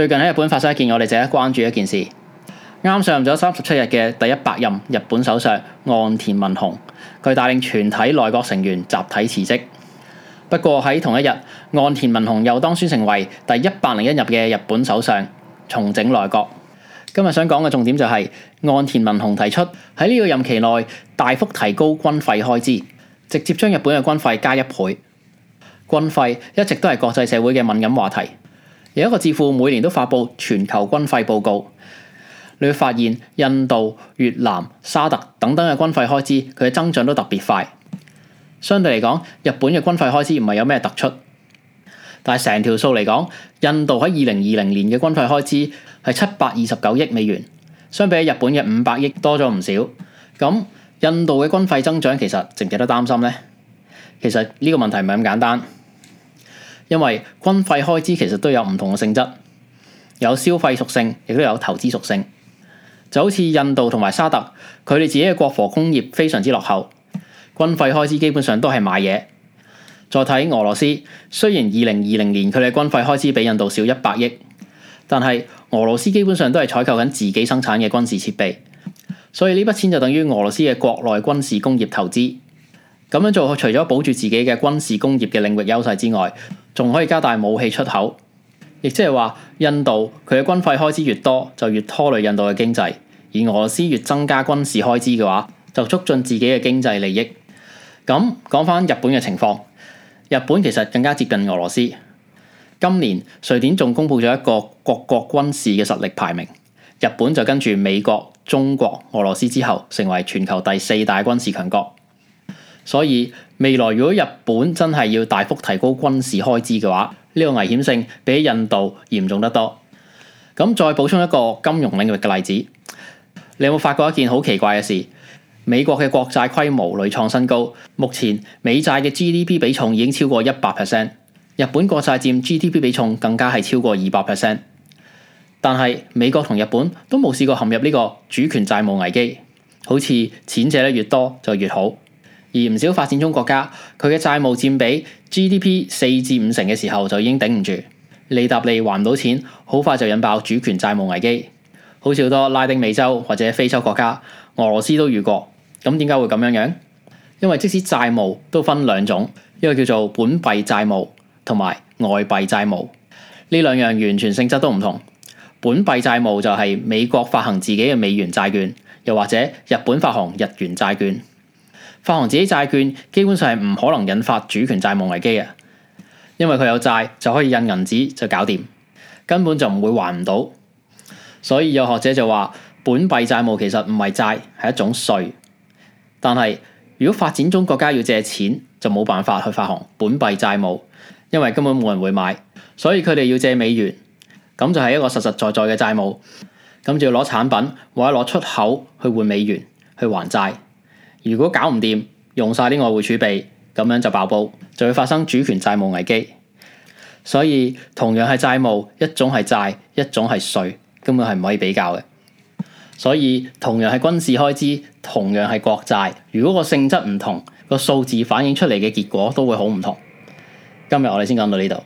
最近喺日本發生一件我哋值得關注一件事，啱上任咗三十七日嘅第一百任日本首相岸田文雄，佢帶領全體內閣成員集體辭職。不過喺同一日，岸田文雄又當選成為第一百零一任嘅日本首相，重整內閣。今日想講嘅重點就係，是，岸田文雄提出喺呢個任期內大幅提高軍費開支，直接將日本嘅軍費加一倍。軍費一直都係國際社會嘅敏感話題。有一個智庫每年都發布全球軍費報告，你會發現印度、越南、沙特等等嘅軍費開支，佢嘅增長都特別快。相對嚟講，日本嘅軍費開支唔係有咩突出，但係成條數嚟講，印度喺二零二零年嘅軍費開支係七百二十九億美元，相比起日本嘅五百億多咗唔少。咁印度嘅軍費增長其實值唔值得擔心呢？其實呢個問題唔係咁簡單。因為軍費開支其實都有唔同嘅性質，有消費屬性，亦都有投資屬性。就好似印度同埋沙特，佢哋自己嘅國防工業非常之落後，軍費開支基本上都係買嘢。再睇俄羅斯，雖然二零二零年佢哋嘅軍費開支比印度少一百億，但係俄羅斯基本上都係採購緊自己生產嘅軍事設備，所以呢筆錢就等於俄羅斯嘅國內軍事工業投資。咁樣做除咗保住自己嘅軍事工業嘅領域優勢之外，仲可以加大武器出口，亦即係話印度佢嘅軍費開支越多，就越拖累印度嘅經濟；而俄羅斯越增加軍事開支嘅話，就促進自己嘅經濟利益。咁講翻日本嘅情況，日本其實更加接近俄羅斯。今年瑞典仲公布咗一個各國軍事嘅實力排名，日本就跟住美國、中國、俄羅斯之後，成為全球第四大軍事強國。所以未來如果日本真係要大幅提高軍事開支嘅話，呢個危險性比起印度嚴重得多。咁再補充一個金融領域嘅例子，你有冇發覺一件好奇怪嘅事？美國嘅國債規模屢創新高，目前美債嘅 G D P 比重已經超過一百 percent，日本國債佔 G D P 比重更加係超過二百 percent。但係美國同日本都冇試過陷入呢個主權債務危機，好似錢借得越多就越好。而唔少發展中國家，佢嘅債務佔比 GDP 四至五成嘅時候就已經頂唔住，利疊利還唔到錢，好快就引爆主權債務危機。好似好多拉丁美洲或者非洲國家，俄羅斯都遇過。咁點解會咁樣樣？因為即使債務都分兩種，一個叫做本幣債務，同埋外幣債務。呢兩樣完全性質都唔同。本幣債務就係美國發行自己嘅美元債券，又或者日本發行日元債券。發行自己債券基本上係唔可能引發主權債務危機嘅，因為佢有債就可以印銀紙就搞掂，根本就唔會還唔到。所以有學者就話，本幣債務其實唔係債，係一種稅。但係如果發展中國家要借錢，就冇辦法去發行本幣債務，因為根本冇人會買。所以佢哋要借美元，咁就係一個實實在在嘅債務。咁就要攞產品或者攞出口去換美元去還債。如果搞唔掂，用晒啲外匯儲備，咁樣就爆煲，就會發生主權債務危機。所以同樣係債務，一種係債，一種係稅，根本係唔可以比較嘅。所以同樣係軍事開支，同樣係國債，如果個性質唔同，個數字反映出嚟嘅結果都會好唔同。今日我哋先講到呢度。